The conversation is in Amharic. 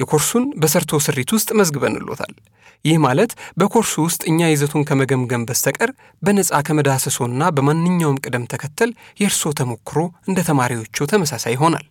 የኮርሱን በሰርቶ ስሪት ውስጥ እንሎታል። ይህ ማለት በኮርሱ ውስጥ እኛ ይዘቱን ከመገምገም በስተቀር በነፃ ከመዳሰሶና በማንኛውም ቅደም ተከተል የእርሶ ተሞክሮ እንደ ተማሪዎቹ ተመሳሳይ ይሆናል።